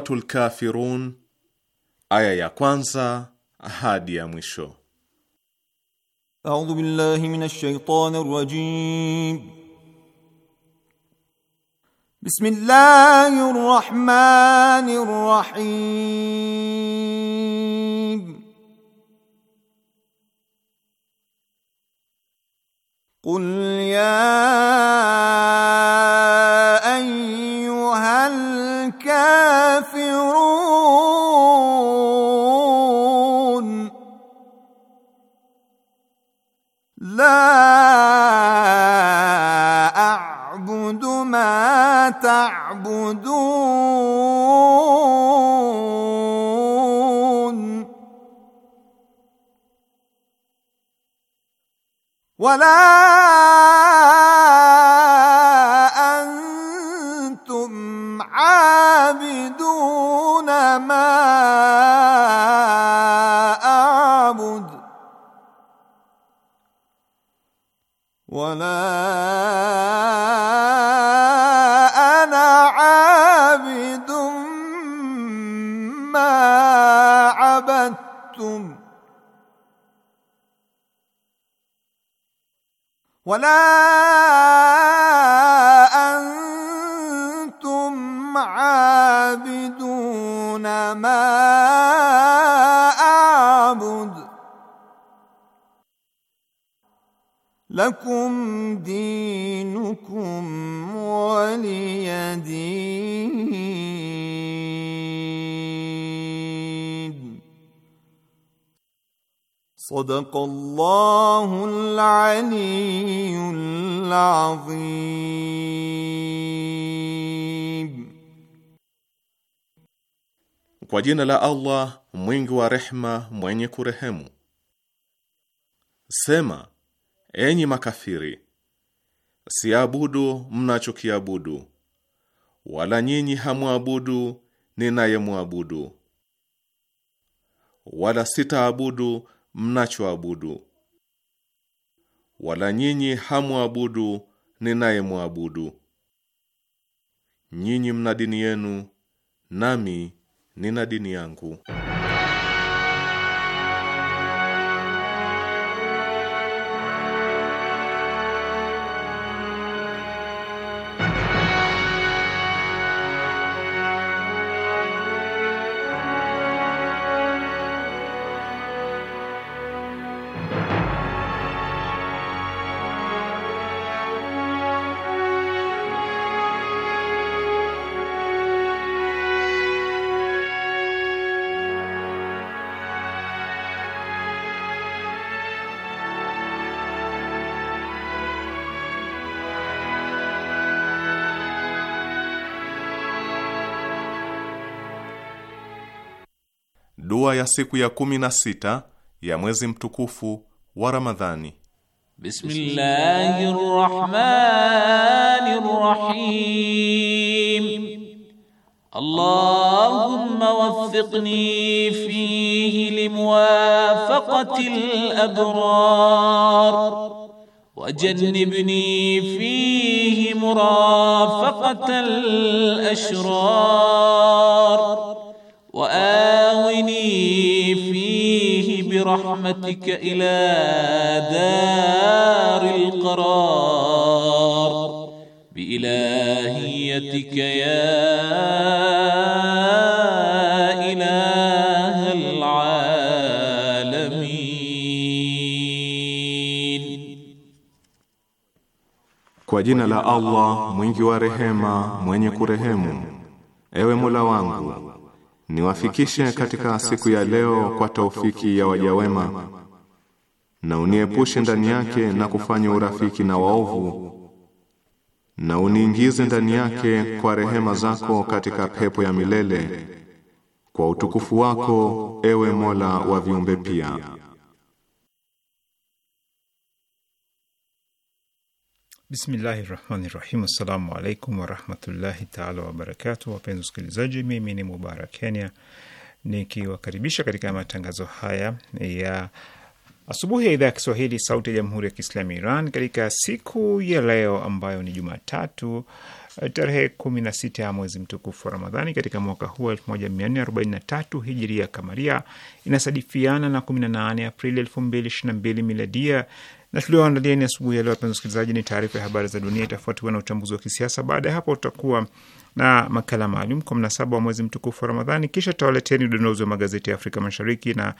Suratul Kafirun aya ya kwanza hadi ya mwisho. A'udhu billahi minash shaitanir rajim. Bismillahir rahmanir rahim. Qul يا ولا لكم دينكم ولي دين صدق الله العلي العظيم Kwa jina la Allah mwingi wa rehma mwenye kurehemu. Sema Enyi makafiri, siabudu mnachokiabudu, wala nyinyi hamwabudu ninayemwabudu, wala sitaabudu mnachoabudu, wala nyinyi hamwabudu ninayemwabudu. Nyinyi mna dini yenu, nami nina dini yangu. ya siku ya kumi na sita ya mwezi mtukufu wa Ramadhani. Bismillahirrahmanirrahim. Allahumma waffiqni fihi limuwafaqatil abrar وجنبني فيه مرافقة الأشرار وآل واهدني فيه برحمتك إلى دار القرار بإلهيتك يا Kwa jina la Allah mwingi wa rehema mwenye kurehemu, ewe Mola wangu niwafikishe katika siku ya leo kwa taufiki ya waja wema, na uniepushe ndani yake na kufanya urafiki na waovu, na uniingize ndani yake kwa rehema zako katika pepo ya milele, kwa utukufu wako, ewe Mola wa viumbe pia. Bismillahi rahmani rahim. Assalamu alaikum warahmatullahi taala wabarakatu. Wapenzi wasikilizaji, mimi ni Mubarak Kenya nikiwakaribisha katika matangazo haya ya asubuhi ya idhaa ya Kiswahili sauti ya jamhuri ya Kiislamu Iran katika siku ya leo ambayo ni Jumatatu tarehe 16 ya mwezi mtukufu wa Ramadhani katika mwaka huu 1443 hijiria kamaria, inasadifiana na 18 Aprili 2022 miladia na tulioandaliani asubuhi ya leo, wapenzi wasikilizaji, ni taarifa ya habari za dunia, itafuatiwa na uchambuzi wa kisiasa. Baada ya hapo, tutakuwa na makala maalum kwa mnasaba wa mwezi mtukufu wa Ramadhani, kisha tutawaleteni udondozi wa magazeti ya Afrika Mashariki, na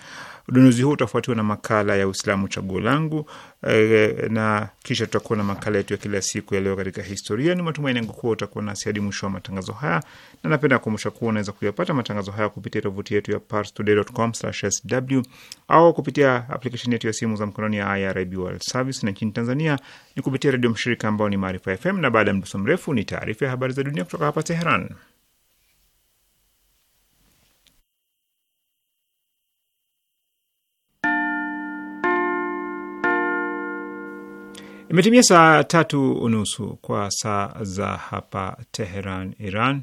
udondozi huu utafuatiwa na makala ya Uislamu chaguo langu, eh, na kisha tutakuwa na makala yetu ya kila siku ya leo katika historia. Ni matumaini yangu kuwa utakuwa nasi hadi mwisho wa matangazo haya na napenda kukumbusha kuwa unaweza kuyapata matangazo haya kupitia tovuti yetu ya parstoday.com/sw au kupitia aplikesheni yetu ya simu za mkononi ya IRIB World Service, na nchini Tanzania ni kupitia redio mshirika ambao ni Maarifa FM. Na baada ya mdoso mrefu ni taarifa ya habari za dunia kutoka hapa Teheran. Imetimia saa tatu unusu kwa saa za hapa Teheran, Iran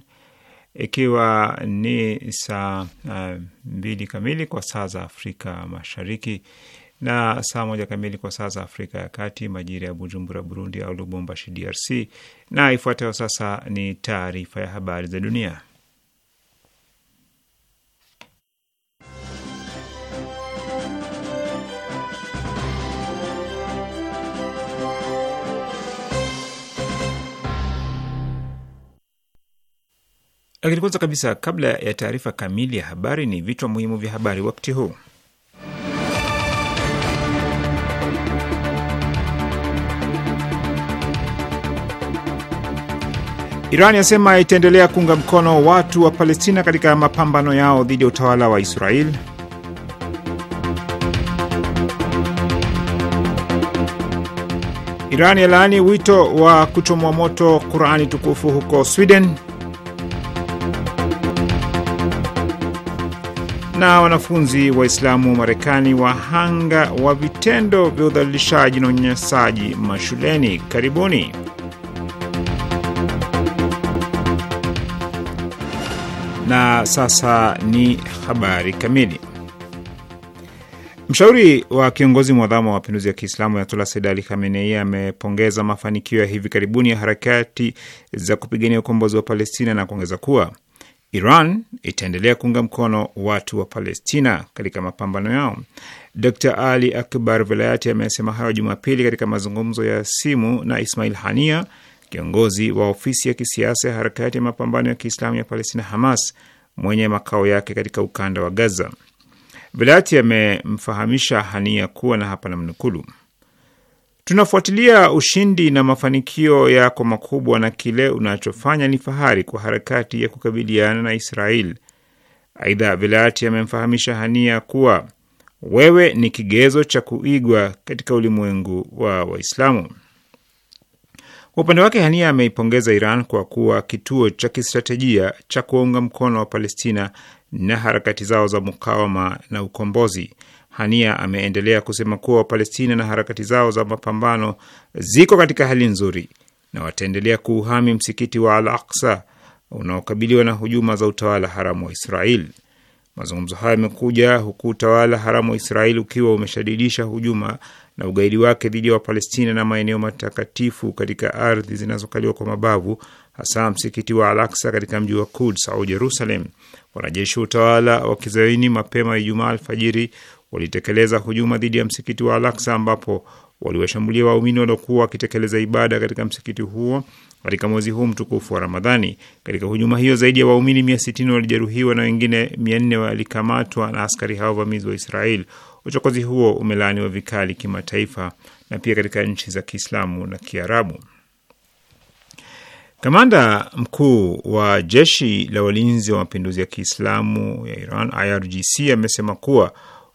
ikiwa ni saa uh, mbili kamili kwa saa za Afrika Mashariki na saa moja kamili kwa saa za Afrika ya Kati, majira ya Bujumbura, Burundi au Lubumbashi, DRC. Na ifuatayo sasa ni taarifa ya habari za dunia. Lakini kwanza kabisa, kabla ya taarifa kamili ya habari, ni vichwa muhimu vya habari wakati huu. Iran yasema itaendelea kuunga mkono watu wa Palestina katika mapambano yao dhidi ya utawala wa Israel. Iran yalaani wito wa kuchomwa moto Qurani tukufu huko Sweden. na wanafunzi Waislamu Marekani wahanga wa vitendo vya udhalilishaji na unyanyasaji mashuleni. Karibuni. Na sasa ni habari kamili. Mshauri wa kiongozi mwadhamu wa mapinduzi ya Kiislamu Ayatollah Said Ali Khamenei amepongeza mafanikio ya hivi karibuni ya harakati za kupigania ukombozi wa Palestina na kuongeza kuwa Iran itaendelea kuunga mkono watu wa Palestina katika mapambano yao. Dr Ali Akbar Velayati amesema hayo Jumapili katika mazungumzo ya simu na Ismail Hania, kiongozi wa ofisi ya kisiasa ya harakati ya mapambano ya Kiislamu ya Palestina, Hamas, mwenye makao yake katika ukanda wa Gaza. Velayati amemfahamisha Hania kuwa na hapa namnukulu Tunafuatilia ushindi na mafanikio yako makubwa na kile unachofanya ni fahari kwa harakati ya kukabiliana na Israel. Aidha, Vilayati amemfahamisha Hania kuwa wewe ni kigezo cha kuigwa katika ulimwengu wa Waislamu. Kwa upande wake, Hania ameipongeza Iran kwa kuwa kituo cha kistratejia cha kuwaunga mkono wa Palestina na harakati zao za mukawama na ukombozi. Hania ameendelea kusema kuwa Wapalestina na harakati zao za mapambano ziko katika hali nzuri na wataendelea kuuhami msikiti wa Al Aksa unaokabiliwa na hujuma za utawala haramu wa israel Mazungumzo hayo yamekuja huku utawala haramu wa israel ukiwa umeshadidisha hujuma na ugaidi wake dhidi ya Wapalestina na maeneo matakatifu katika ardhi zinazokaliwa kwa mabavu, hasa msikiti wa al katika mji wa Kuds au Jerusalem. Wanajeshi wa utawala wa kizaini mapema Ijumaa alfajiri walitekeleza hujuma dhidi ya msikiti wa Al-Aqsa ambapo waliwashambulia waumini waliokuwa wakitekeleza ibada katika msikiti huo katika mwezi huu mtukufu wa Ramadhani. Katika hujuma hiyo zaidi ya waumini mia sitini walijeruhiwa na wengine mia nne walikamatwa na askari hao vamizi wa Israeli. Uchokozi huo umelaaniwa vikali kimataifa na pia katika nchi za Kiislamu na Kiarabu. Kamanda mkuu wa jeshi la walinzi wa mapinduzi ya Kiislamu ya Iran IRGC amesema kuwa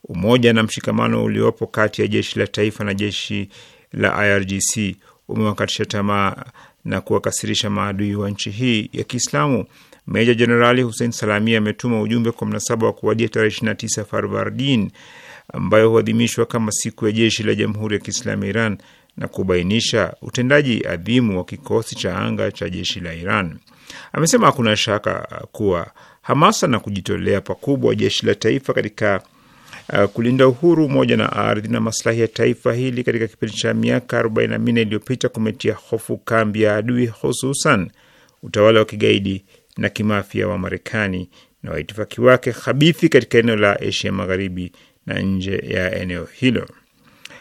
Umoja na mshikamano uliopo kati ya jeshi la taifa na jeshi la IRGC umewakatisha tamaa na kuwakasirisha maadui wa nchi hii ya Kiislamu. Meja Jenerali Hussein Salami ametuma ujumbe kwa mnasaba wa kuwadia tarehe 29 Farvardin ambayo huadhimishwa kama siku ya jeshi la Jamhuri ya Kiislamu ya Iran na kubainisha utendaji adhimu wa kikosi cha anga cha jeshi la Iran. Amesema hakuna shaka kuwa hamasa na kujitolea pakubwa jeshi la taifa katika uh, kulinda uhuru, umoja na ardhi na maslahi ya taifa hili katika kipindi cha miaka 44 iliyopita kumetia hofu kambi ya adui, hususan utawala wa kigaidi na kimafia wa Marekani na waitifaki wake habithi katika eneo la Asia Magharibi na nje ya eneo hilo.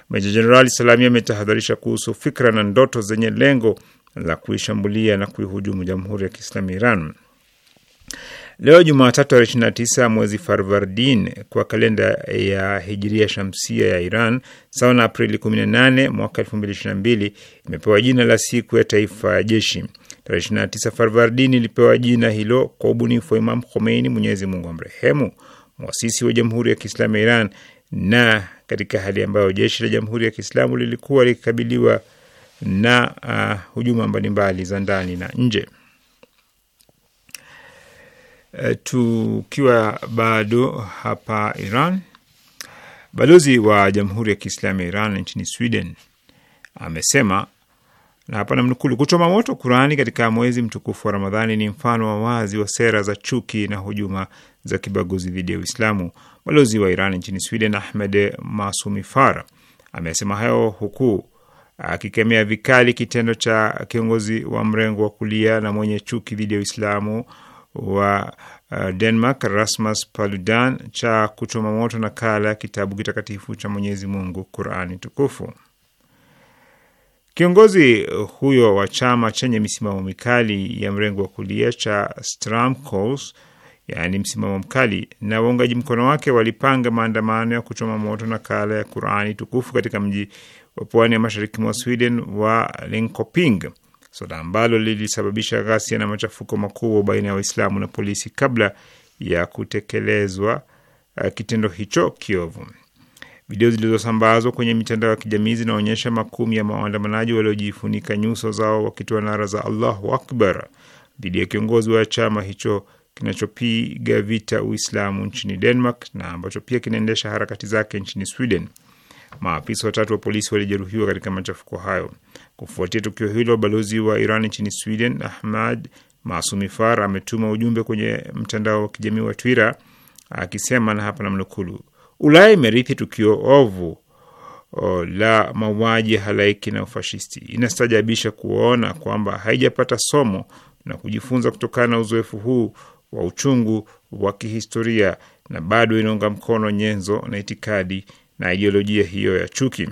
Meja Jenerali Salami ametahadharisha kuhusu fikra na ndoto zenye lengo la kuishambulia na kuihujumu Jamhuri ya Kiislamu Iran. Leo Jumatatu tarehe 29 mwezi Farvardin kwa kalenda ya hijiria shamsia ya Iran, sawa na Aprili 18 mwaka 2022, imepewa jina la siku ya taifa ya jeshi. Tarehe 29 Farvardin ilipewa jina hilo kwa ubunifu wa Imam Khomeini, Mwenyezi Mungu amrehemu, mwasisi wa Jamhuri ya Kiislamu ya Iran, na katika hali ambayo jeshi la Jamhuri ya Kiislamu lilikuwa likikabiliwa na uh, hujuma mbalimbali za ndani na nje. E, tukiwa bado hapa Iran, balozi wa Jamhuri ya Kiislamu ya Iran nchini Sweden amesema na hapa namnukuu, kuchoma moto Kurani katika mwezi mtukufu wa Ramadhani ni mfano wa wazi wa sera za chuki na hujuma za kibaguzi dhidi ya Uislamu. Balozi wa Iran nchini Sweden Ahmed Masumifar amesema hayo huku akikemea vikali kitendo cha kiongozi wa mrengo wa kulia na mwenye chuki dhidi ya Uislamu wa uh, Denmark Rasmus Paludan cha kuchoma moto nakala ya kitabu kitakatifu cha Mwenyezi Mungu, Qurani Tukufu. Kiongozi huyo wa chama chenye misimamo mikali ya mrengo wa kulia cha Stramkos, yaani msimamo mkali, na waungaji mkono wake walipanga maandamano ya kuchoma moto nakala ya Qurani Tukufu katika mji wa pwani ya mashariki mwa Sweden wa Linkoping suala ambalo lilisababisha ghasia na machafuko makubwa baina ya Waislamu na polisi kabla ya kutekelezwa uh, kitendo hicho kiovu. Video zilizosambazwa kwenye mitandao ya kijamii zinaonyesha makumi ya waandamanaji waliojifunika nyuso zao wakitoa nara za Allahu akbar dhidi ya kiongozi wa chama hicho kinachopiga vita Uislamu nchini Denmark na ambacho pia kinaendesha harakati zake nchini Sweden. Maafisa watatu wa polisi walijeruhiwa katika machafuko hayo. Kufuatia tukio hilo, balozi wa Iran nchini Sweden Ahmad Masumi Far ametuma ujumbe kwenye mtandao wa kijamii wa Twitter akisema, na hapa namnukulu, Ulaya imerithi tukio ovu o, la mauaji ya halaiki na ufashisti. Inastajabisha kuona kwamba haijapata somo na kujifunza kutokana na uzoefu huu wa uchungu wa kihistoria na bado inaunga mkono nyenzo na itikadi na ideolojia hiyo ya chuki.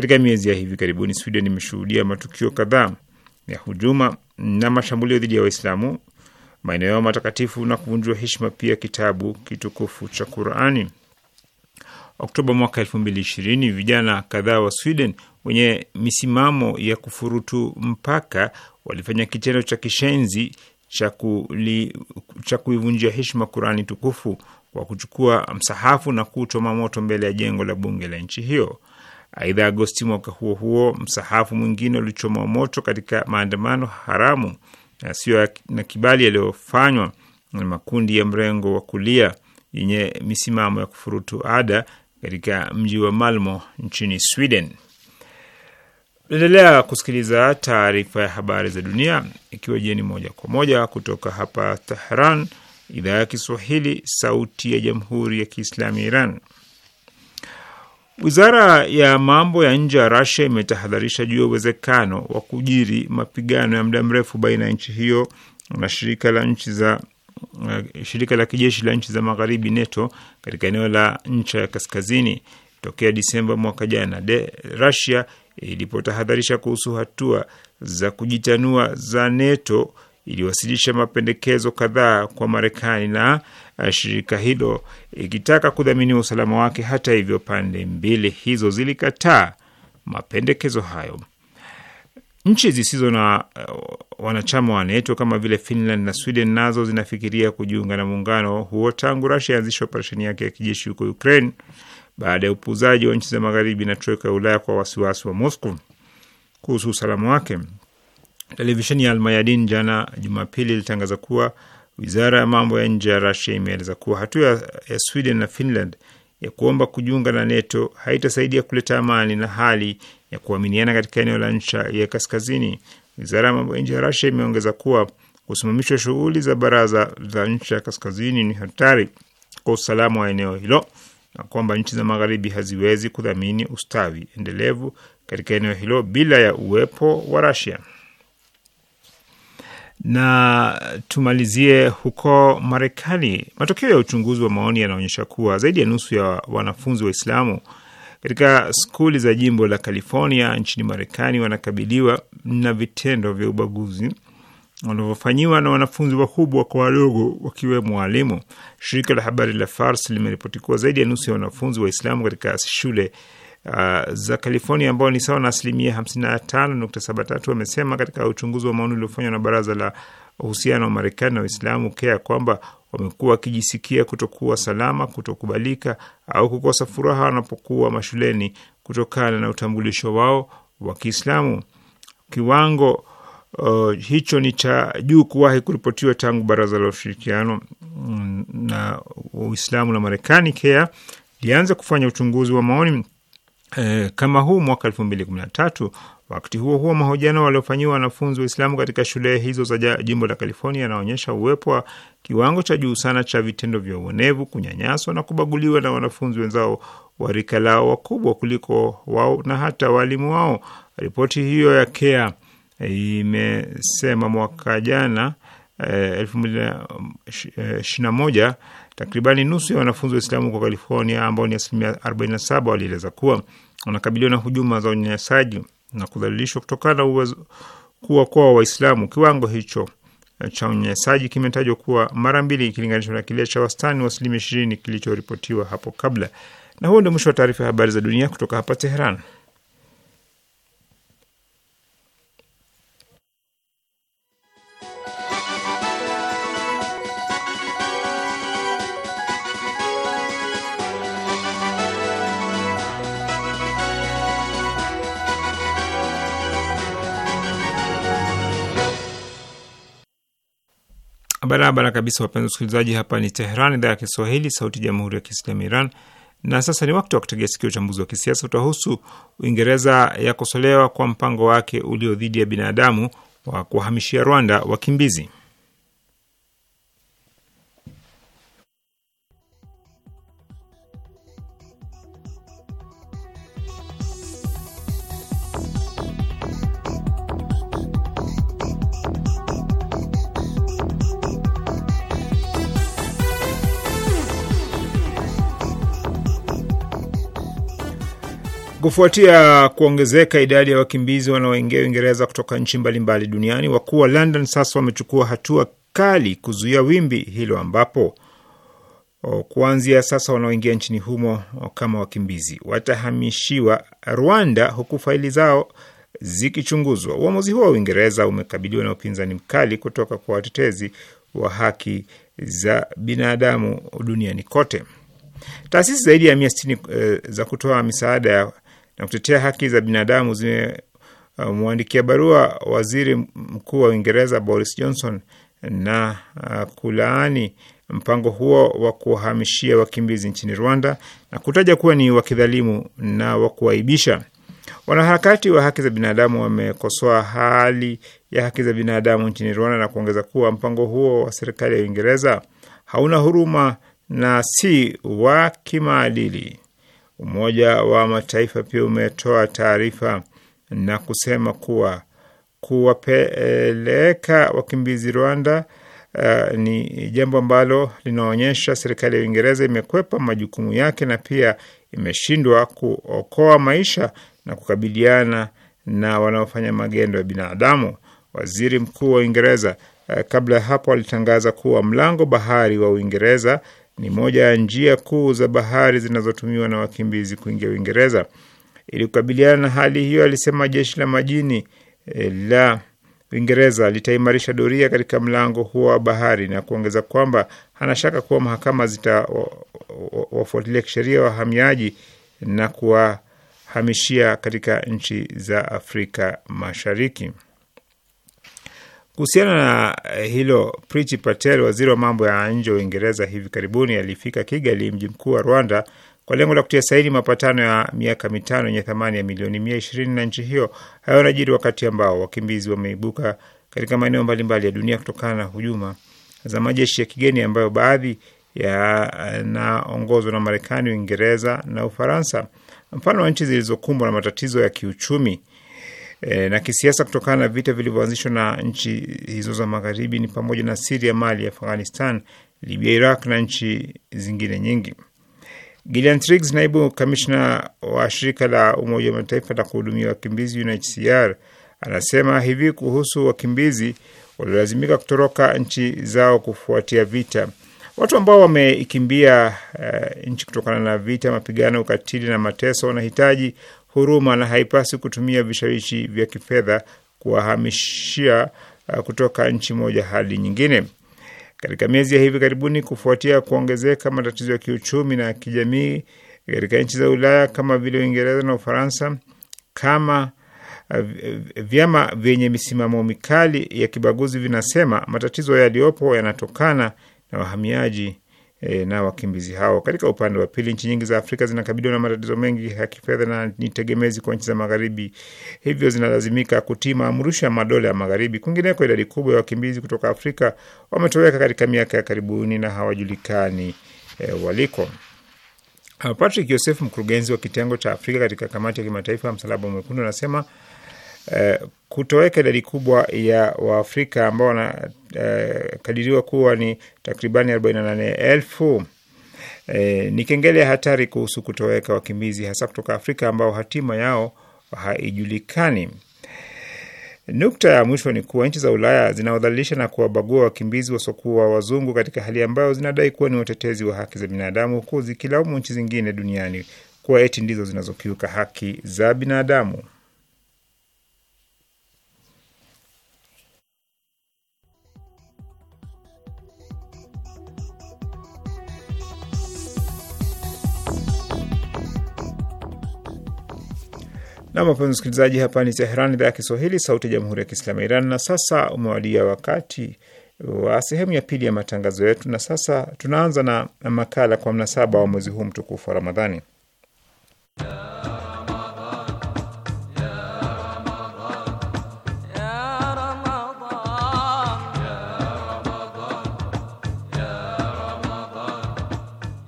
Katika miezi ya hivi karibuni, Sweden imeshuhudia matukio kadhaa ya hujuma na mashambulio dhidi ya Waislamu maeneo yao matakatifu na kuvunjwa heshima pia kitabu kitukufu cha Qurani. Oktoba mwaka elfu mbili ishirini, vijana kadhaa wa Sweden wenye misimamo ya kufurutu mpaka walifanya kitendo cha kishenzi cha kuivunjia heshima Qurani tukufu kwa kuchukua msahafu na kuchoma moto mbele ya jengo la bunge la nchi hiyo. Aidha, Agosti mwaka huo huo msahafu mwingine ulichomwa moto katika maandamano haramu yasiyo na kibali yaliyofanywa na makundi ya mrengo wa kulia yenye misimamo ya kufurutu ada katika mji wa Malmo nchini Sweden. Naendelea kusikiliza taarifa ya habari za dunia ikiwa jieni moja kwa moja kutoka hapa Tehran, idhaa ya Kiswahili, sauti ya jamhuri ya kiislamu ya Iran. Wizara ya mambo ya nje ya Rasia imetahadharisha juu ya uwezekano wa kujiri mapigano ya muda mrefu baina ya nchi hiyo na shirika la nchi za eh, shirika la kijeshi la nchi za magharibi NATO katika eneo la ncha ya kaskazini tokea Disemba mwaka jana de Rasia ilipotahadharisha kuhusu hatua za kujitanua za NATO iliwasilisha mapendekezo kadhaa kwa Marekani na Eh, shirika hilo ikitaka kudhaminiwa usalama wake. Hata hivyo, pande mbili hizo zilikataa mapendekezo hayo. Nchi zisizo na uh, wanachama wa NATO kama vile Finland na Sweden nazo zinafikiria kujiunga na muungano huo tangu Russia ianzisha operesheni yake ya kijeshi huko Ukraine baada ya upuzaji wa nchi za magharibi na troika ya Ulaya kwa wasiwasi wa Moscow kuhusu usalama wake. Televisheni ya Almayadin jana Jumapili ilitangaza kuwa uh, Wizara ya mambo ya nje ya Rusia imeeleza kuwa hatua ya Sweden na Finland ya kuomba kujiunga na NATO haitasaidia kuleta amani na hali ya kuaminiana katika eneo la ncha ya kaskazini. Wizara ya mambo ya nje ya Rusia imeongeza kuwa kusimamishwa shughuli za baraza za ncha ya kaskazini ni hatari kwa usalama wa eneo hilo na kwamba nchi za magharibi haziwezi kudhamini ustawi endelevu katika eneo hilo bila ya uwepo wa Rusia. Na tumalizie huko Marekani. Matokeo ya uchunguzi wa maoni yanaonyesha kuwa zaidi ya nusu ya wanafunzi Waislamu katika skuli za jimbo la California nchini Marekani wanakabiliwa na vitendo vya ubaguzi wanavyofanyiwa na wanafunzi wakubwa kwa wadogo wakiwemo walimu. Shirika la habari la Fars limeripoti kuwa zaidi ya nusu ya wanafunzi Waislamu katika shule uh, za California ambao ni sawa na asilimia 55.73 wamesema katika uchunguzi wa maoni uliofanywa na baraza la uhusiano wa Marekani na Waislamu kea kwamba wamekuwa wakijisikia kutokuwa salama, kutokubalika au kukosa furaha wanapokuwa mashuleni kutokana na utambulisho wao wa Kiislamu. Kiwango uh, hicho ni cha juu kuwahi kuripotiwa tangu baraza la ushirikiano na Uislamu la Marekani kea lianza kufanya uchunguzi wa maoni e, kama huu mwaka elfu mbili kumi na tatu. Wakati huo huo, mahojiano waliofanyiwa wanafunzi Waislamu katika shule hizo za jimbo la California yanaonyesha uwepo wa kiwango cha juu sana cha vitendo vya uonevu, kunyanyaswa na kubaguliwa na wanafunzi wenzao wa rika lao wakubwa kuliko wao na hata waalimu wao. Ripoti hiyo ya KEA eh, imesema mwaka jana eh, elfu mbili ishirini na moja Takribani nusu ya wanafunzi wa Islamu huko California, ambao ni asilimia 47, walieleza kuwa wanakabiliwa na hujuma za unyanyasaji na kudhalilishwa kutokana na uwezo kuwa kwa Waislamu. Kiwango hicho eh, cha unyanyasaji kimetajwa kuwa mara mbili ikilinganishwa na kile cha wastani wa asilimia 20 kilichoripotiwa hapo kabla. Na huo ndio mwisho wa taarifa ya habari za dunia kutoka hapa Teheran. barabara kabisa, wapenzi wasikilizaji. Hapa ni Tehran, idhaa ya Kiswahili, sauti ya jamhuri ya kiislamu Iran. Na sasa ni wakati wa kutegea sikio. Uchambuzi wa kisiasa utahusu Uingereza ya kwa mpango wake ulio dhidi ya binadamu wa kuwahamishia Rwanda wakimbizi. Kufuatia kuongezeka idadi ya wakimbizi wanaoingia Uingereza kutoka nchi mbalimbali duniani, wakuu wa London sasa wamechukua hatua kali kuzuia wimbi hilo, ambapo kuanzia sasa wanaoingia nchini humo kama wakimbizi watahamishiwa Rwanda, huku faili zao zikichunguzwa. Uamuzi huo wa Uingereza umekabiliwa na upinzani mkali kutoka kwa watetezi wa haki za binadamu duniani kote. Taasisi zaidi ya mia sitini e, za kutoa misaada ya na kutetea haki za binadamu zimemwandikia uh, barua waziri mkuu wa Uingereza Boris Johnson na uh, kulaani mpango huo wa kuwahamishia wakimbizi nchini Rwanda na kutaja kuwa ni wakidhalimu na wa kuaibisha. Wanaharakati wa haki za binadamu wamekosoa hali ya haki za binadamu nchini Rwanda na kuongeza kuwa mpango huo wa serikali ya Uingereza hauna huruma na si wa kimaadili. Umoja wa Mataifa pia umetoa taarifa na kusema kuwa kuwapeleka wakimbizi Rwanda uh, ni jambo ambalo linaonyesha serikali ya Uingereza imekwepa majukumu yake na pia imeshindwa kuokoa maisha na kukabiliana na wanaofanya magendo ya binadamu. Waziri Mkuu wa Uingereza uh, kabla ya hapo alitangaza kuwa mlango bahari wa Uingereza ni moja ya njia kuu za bahari zinazotumiwa na wakimbizi kuingia Uingereza. Ili kukabiliana na hali hiyo, alisema jeshi la majini eh, la Uingereza litaimarisha doria katika mlango huo wa bahari na kuongeza kwamba hana shaka kuwa mahakama zitawafuatilia kisheria wahamiaji na kuwahamishia katika nchi za Afrika Mashariki. Kuhusiana na eh, hilo, Priti Patel, waziri wa mambo ya nje wa Uingereza, hivi karibuni alifika Kigali, mji mkuu wa Rwanda, kwa lengo la kutia saini mapatano ya miaka mitano yenye thamani ya milioni mia ishirini na nchi hiyo. Hayo yanajiri wakati ambao wakimbizi wameibuka katika maeneo mbalimbali ya dunia kutokana na hujuma za majeshi ya kigeni ambayo baadhi yanaongozwa eh, na Marekani, Uingereza na Ufaransa, mfano wa nchi zilizokumbwa na matatizo ya kiuchumi e, na kisiasa kutokana na vita vilivyoanzishwa na nchi hizo za magharibi ni pamoja na Siria, Mali, Afghanistan, Libya, Iraq na nchi zingine nyingi. Gillian Triggs, naibu kamishna wa shirika la Umoja wa Mataifa la kuhudumia wakimbizi UNHCR, anasema hivi kuhusu wakimbizi waliolazimika kutoroka nchi zao kufuatia vita. Watu ambao wamekimbia uh, nchi kutokana na vita, mapigano, ukatili na mateso wanahitaji huruma na haipasi kutumia vishawishi vya kifedha kuwahamishia uh, kutoka nchi moja hadi nyingine. Katika miezi ya hivi karibuni, kufuatia kuongezeka matatizo ya kiuchumi na kijamii katika nchi za Ulaya kama vile Uingereza na Ufaransa, kama uh, vyama vyenye misimamo mikali ya kibaguzi vinasema matatizo yaliyopo yanatokana na wahamiaji e, na wakimbizi hao. Katika upande wa pili, nchi nyingi za Afrika zinakabiliwa na matatizo mengi ya kifedha na ni tegemezi kwa nchi za Magharibi, hivyo zinalazimika kutii amrisho ya madola ya Magharibi. Kwingineko, idadi kubwa ya wakimbizi kutoka Afrika wametoweka katika miaka ya karibuni na hawajulikani e, waliko. Uh, Patrick Yosef, mkurugenzi wa kitengo cha Afrika katika kamati ya kimataifa ya Msalaba Mwekundu, anasema eh, kutoweka idadi kubwa ya Waafrika ambao Eh, kadiriwa kuwa ni takribani 48 E, eh, ni kengele ya hatari kuhusu kutoweka wakimbizi hasa kutoka Afrika ambao hatima yao haijulikani. Nukta ya mwisho ni kuwa nchi za Ulaya zinaodhalilisha na kuwabagua wakimbizi wasiokuwa wazungu katika hali ambayo zinadai kuwa ni watetezi wa haki za binadamu, huku zikilaumu nchi zingine duniani kuwa eti ndizo zinazokiuka haki za binadamu. Na wapenzi msikilizaji, hapa ni Teheran, idhaa ya Kiswahili, sauti ya jamhuri ya kiislamu ya Iran. Na sasa umewadia wakati wa sehemu ya pili ya matangazo yetu, na sasa tunaanza na makala kwa mnasaba wa mwezi huu mtukufu wa Ramadhani.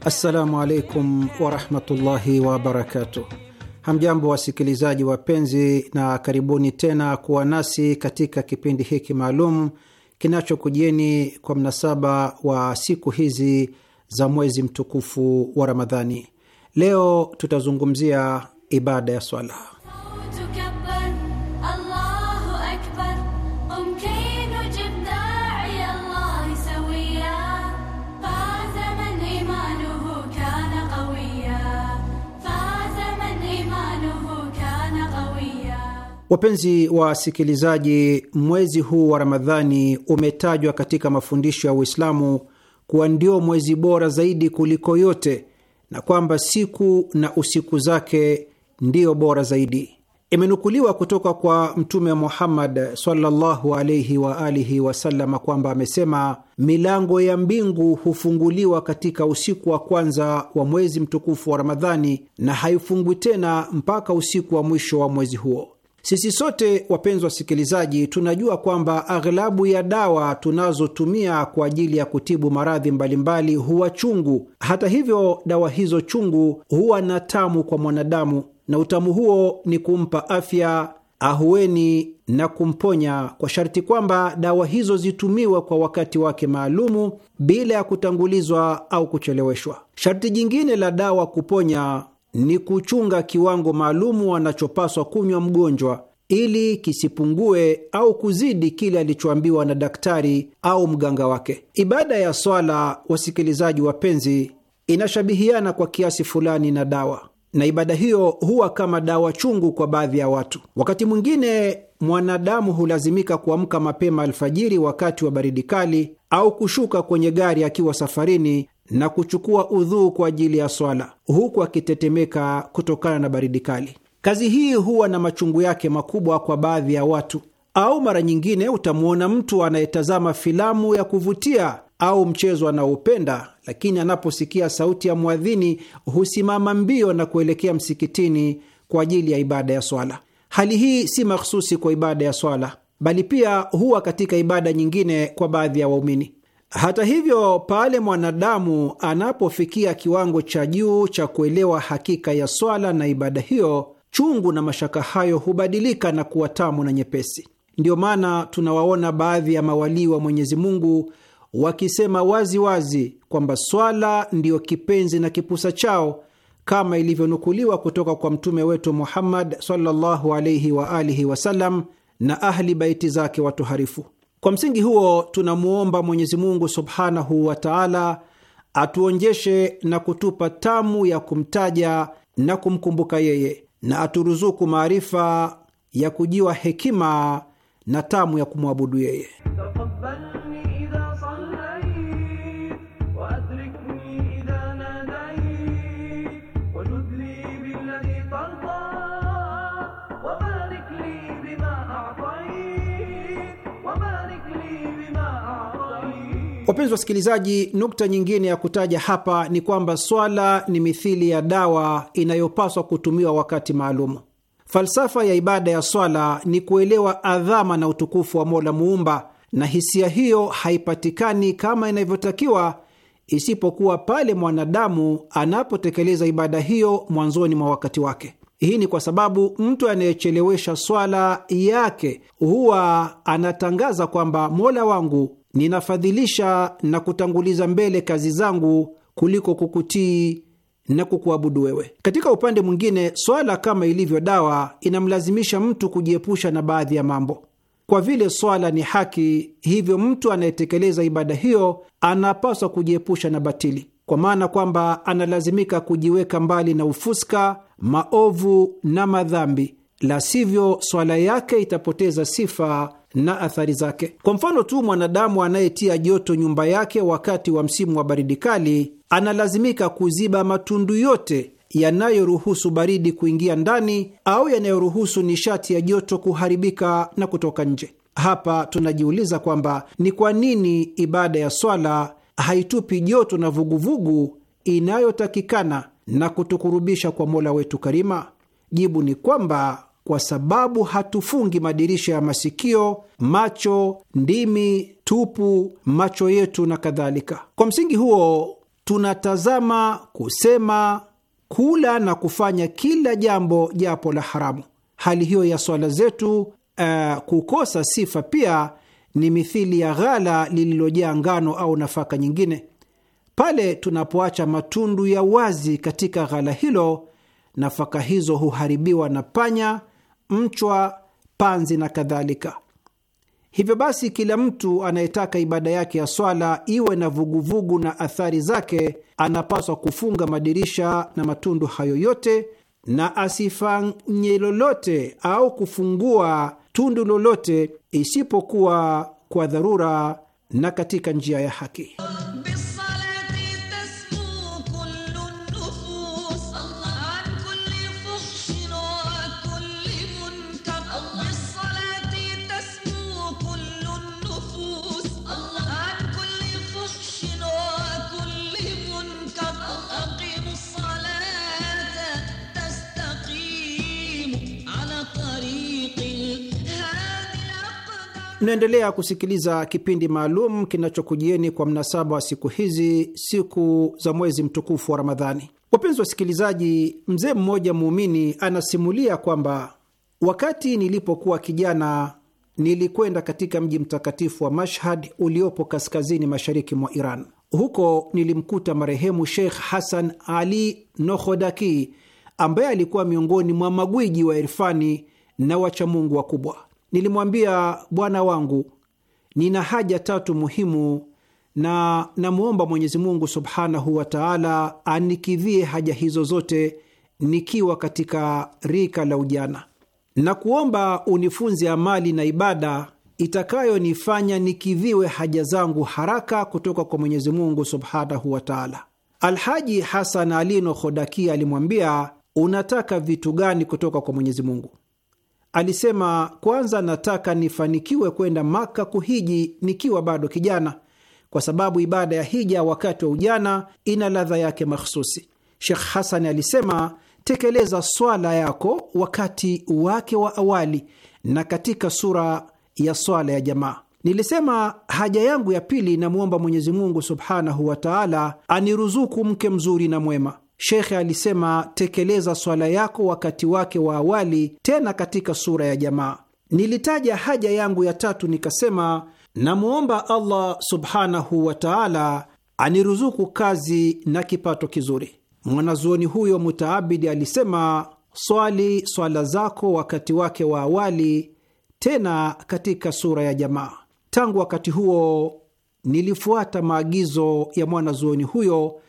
Assalamu alaikum warahmatullahi wabarakatuh. Hamjambo wasikilizaji wapenzi, na karibuni tena kuwa nasi katika kipindi hiki maalum kinachokujieni kwa mnasaba wa siku hizi za mwezi mtukufu wa Ramadhani. Leo tutazungumzia ibada ya swala. Wapenzi wasikilizaji, mwezi huu wa Ramadhani umetajwa katika mafundisho ya Uislamu kuwa ndio mwezi bora zaidi kuliko yote na kwamba siku na usiku zake ndiyo bora zaidi. Imenukuliwa kutoka kwa Mtume Muhammad sallallahu alaihi wa alihi kwamba amesema, milango ya mbingu hufunguliwa katika usiku wa kwanza wa mwezi mtukufu wa Ramadhani na haifungwi tena mpaka usiku wa mwisho wa mwezi huo. Sisi sote wapenzi wasikilizaji, tunajua kwamba aghlabu ya dawa tunazotumia kwa ajili ya kutibu maradhi mbalimbali huwa chungu. Hata hivyo, dawa hizo chungu huwa na tamu kwa mwanadamu, na utamu huo ni kumpa afya, ahueni na kumponya, kwa sharti kwamba dawa hizo zitumiwe kwa wakati wake maalumu bila ya kutangulizwa au kucheleweshwa. Sharti jingine la dawa kuponya ni kuchunga kiwango maalumu anachopaswa kunywa mgonjwa ili kisipungue au kuzidi kile alichoambiwa na daktari au mganga wake. Ibada ya swala, wasikilizaji wapenzi, inashabihiana kwa kiasi fulani na dawa, na ibada hiyo huwa kama dawa chungu kwa baadhi ya watu. Wakati mwingine mwanadamu hulazimika kuamka mapema alfajiri wakati wa baridi kali au kushuka kwenye gari akiwa safarini na kuchukua udhuu kwa ajili ya swala huku akitetemeka kutokana na baridi kali. Kazi hii huwa na machungu yake makubwa kwa baadhi ya watu, au mara nyingine utamwona mtu anayetazama filamu ya kuvutia au mchezo anaoupenda, lakini anaposikia sauti ya mwadhini husimama mbio na kuelekea msikitini kwa ajili ya ibada ya swala. Hali hii si mahsusi kwa ibada ya swala, bali pia huwa katika ibada nyingine kwa baadhi ya waumini. Hata hivyo, pale mwanadamu anapofikia kiwango cha juu cha kuelewa hakika ya swala na ibada hiyo, chungu na mashaka hayo hubadilika na kuwa tamu na nyepesi. Ndiyo maana tunawaona baadhi ya mawalii wa Mwenyezi Mungu wakisema wazi wazi kwamba swala ndiyo kipenzi na kipusa chao kama ilivyonukuliwa kutoka kwa mtume wetu Muhammad sallallahu alaihi wa alihi wasallam na ahli baiti zake watoharifu. Kwa msingi huo tunamwomba Mwenyezi Mungu subhanahu wa taala atuonjeshe na kutupa tamu ya kumtaja na kumkumbuka yeye, na aturuzuku maarifa ya kujiwa hekima na tamu ya kumwabudu yeye. Wapenzi wasikilizaji, nukta nyingine ya kutaja hapa ni kwamba swala ni mithili ya dawa inayopaswa kutumiwa wakati maalum. Falsafa ya ibada ya swala ni kuelewa adhama na utukufu wa Mola Muumba, na hisia hiyo haipatikani kama inavyotakiwa isipokuwa pale mwanadamu anapotekeleza ibada hiyo mwanzoni mwa wakati wake. Hii ni kwa sababu mtu anayechelewesha swala yake huwa anatangaza kwamba Mola wangu ninafadhilisha na kutanguliza mbele kazi zangu kuliko kukutii na kukuabudu wewe. Katika upande mwingine, swala kama ilivyo dawa inamlazimisha mtu kujiepusha na baadhi ya mambo. Kwa vile swala ni haki, hivyo mtu anayetekeleza ibada hiyo anapaswa kujiepusha na batili, kwa maana kwamba analazimika kujiweka mbali na ufuska, maovu na madhambi la sivyo swala yake itapoteza sifa na athari zake. Kwa mfano tu, mwanadamu anayetia joto nyumba yake wakati wa msimu wa baridi kali analazimika kuziba matundu yote yanayoruhusu baridi kuingia ndani au yanayoruhusu nishati ya joto kuharibika na kutoka nje. Hapa tunajiuliza kwamba ni kwa nini ibada ya swala haitupi joto na vuguvugu inayotakikana na kutukurubisha kwa Mola wetu Karima. Jibu ni kwamba kwa sababu hatufungi madirisha ya masikio, macho, ndimi, tupu, macho yetu na kadhalika. Kwa msingi huo, tunatazama, kusema, kula na kufanya kila jambo japo la haramu. Hali hiyo ya swala zetu uh, kukosa sifa pia ni mithili ya ghala lililojaa ngano au nafaka nyingine. Pale tunapoacha matundu ya wazi katika ghala hilo, nafaka hizo huharibiwa na panya mchwa, panzi na kadhalika. Hivyo basi, kila mtu anayetaka ibada yake ya swala iwe na vuguvugu na athari zake anapaswa kufunga madirisha na matundu hayo yote na asifanye lolote au kufungua tundu lolote isipokuwa kwa dharura na katika njia ya haki. Mnaendelea kusikiliza kipindi maalum kinachokujieni kwa mnasaba wa siku hizi, siku za mwezi mtukufu wa Ramadhani. Wapenzi wasikilizaji, mzee mmoja muumini anasimulia kwamba wakati nilipokuwa kijana nilikwenda katika mji mtakatifu wa Mashhad uliopo kaskazini mashariki mwa Iran. Huko nilimkuta marehemu Sheikh Hasan Ali Nohodaki ambaye alikuwa miongoni mwa magwiji wa irfani na wachamungu wakubwa. Nilimwambia bwana wangu, nina haja tatu muhimu na namwomba Mwenyezi Mungu subhanahu wa taala anikidhie haja hizo zote nikiwa katika rika la ujana, na kuomba unifunze amali na ibada itakayonifanya nikidhiwe haja zangu haraka kutoka kwa Mwenyezi Mungu subhanahu wa taala. Alhaji Hasan Alino Khodakia alimwambia, unataka vitu gani kutoka kwa Mwenyezi Mungu? Alisema, kwanza nataka nifanikiwe kwenda Maka kuhiji nikiwa bado kijana, kwa sababu ibada ya hija wakati wa ujana ina ladha yake mahsusi. shekh Hasani alisema, tekeleza swala yako wakati wake wa awali na katika sura ya swala ya jamaa. Nilisema haja yangu ya pili, namwomba Mwenyezi Mungu subhanahu wa taala aniruzuku mke mzuri na mwema Shekhe alisema, tekeleza swala yako wakati wake wa awali, tena katika sura ya jamaa. Nilitaja haja yangu ya tatu, nikasema namwomba Allah subhanahu wa taala aniruzuku kazi na kipato kizuri. Mwanazuoni huyo mutaabidi alisema, swali swala zako wakati wake wa awali, tena katika sura ya jamaa. Tangu wakati huo nilifuata maagizo ya mwanazuoni huyo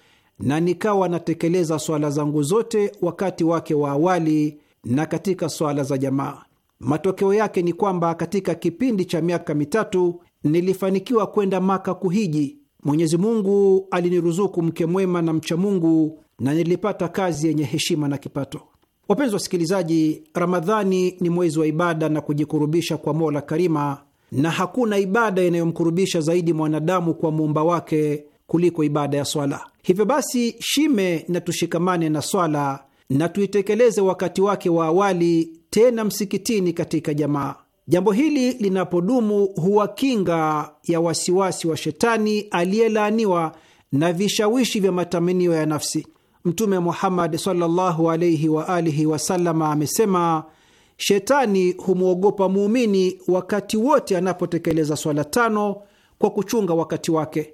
na nikawa natekeleza swala zangu zote wakati wake wa awali na katika swala za jamaa. Matokeo yake ni kwamba katika kipindi cha miaka mitatu nilifanikiwa kwenda Maka kuhiji. Mwenyezi Mungu aliniruzuku mke mwema na mcha Mungu na nilipata kazi yenye heshima na kipato. Wapenzi wasikilizaji, Ramadhani ni mwezi wa ibada na kujikurubisha kwa Mola Karima, na hakuna ibada inayomkurubisha zaidi mwanadamu kwa muumba wake kuliko ibada ya swala. Hivyo basi, shime na tushikamane na swala na tuitekeleze wakati wake wa awali, tena msikitini, katika jamaa. Jambo hili linapodumu huwa kinga ya wasiwasi wa shetani aliyelaaniwa na vishawishi vya matamanio ya nafsi. Mtume Muhammad sallallahu wa alihi amesema, shetani humwogopa muumini wakati wote anapotekeleza swala tano kwa kuchunga wakati wake.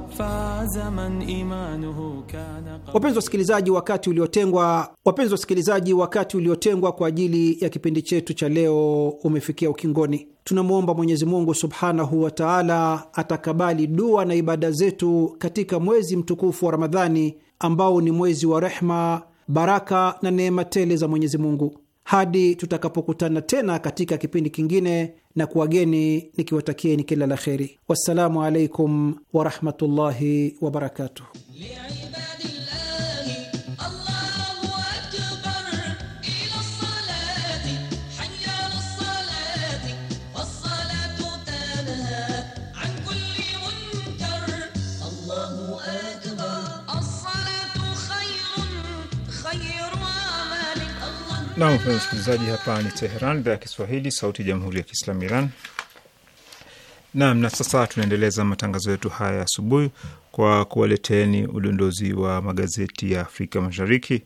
Wapenzi wasikilizaji, wakati uliotengwa wapenzi wasikilizaji, wakati uliotengwa kwa ajili ya kipindi chetu cha leo umefikia ukingoni. Tunamwomba Mwenyezi Mungu subhanahu wa taala atakabali dua na ibada zetu katika mwezi mtukufu wa Ramadhani ambao ni mwezi wa rehma, baraka na neema tele za Mwenyezi Mungu hadi tutakapokutana tena katika kipindi kingine, na kuwageni nikiwatakieni kila la kheri. Wassalamu alaikum warahmatullahi wabarakatuh. Nam mpenzi msikilizaji, hapa ni Teheran, idhaa ya Kiswahili, sauti ya jamhuri ya kiislamu Iran. Nam, na sasa tunaendeleza matangazo yetu haya asubuhi kwa kuwaleteni udondozi wa magazeti ya Afrika Mashariki,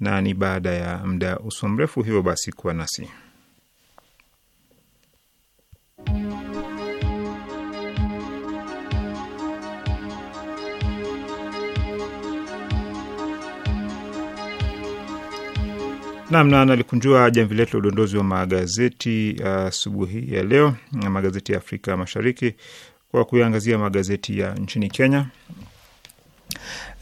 na ni baada ya muda usio mrefu, hivyo basi kuwa nasi Namna nalikunjua jamvi letu la udondozi wa magazeti uh, asubuhi uh, ya leo na magazeti ya Afrika Mashariki kwa kuyaangazia magazeti ya nchini Kenya.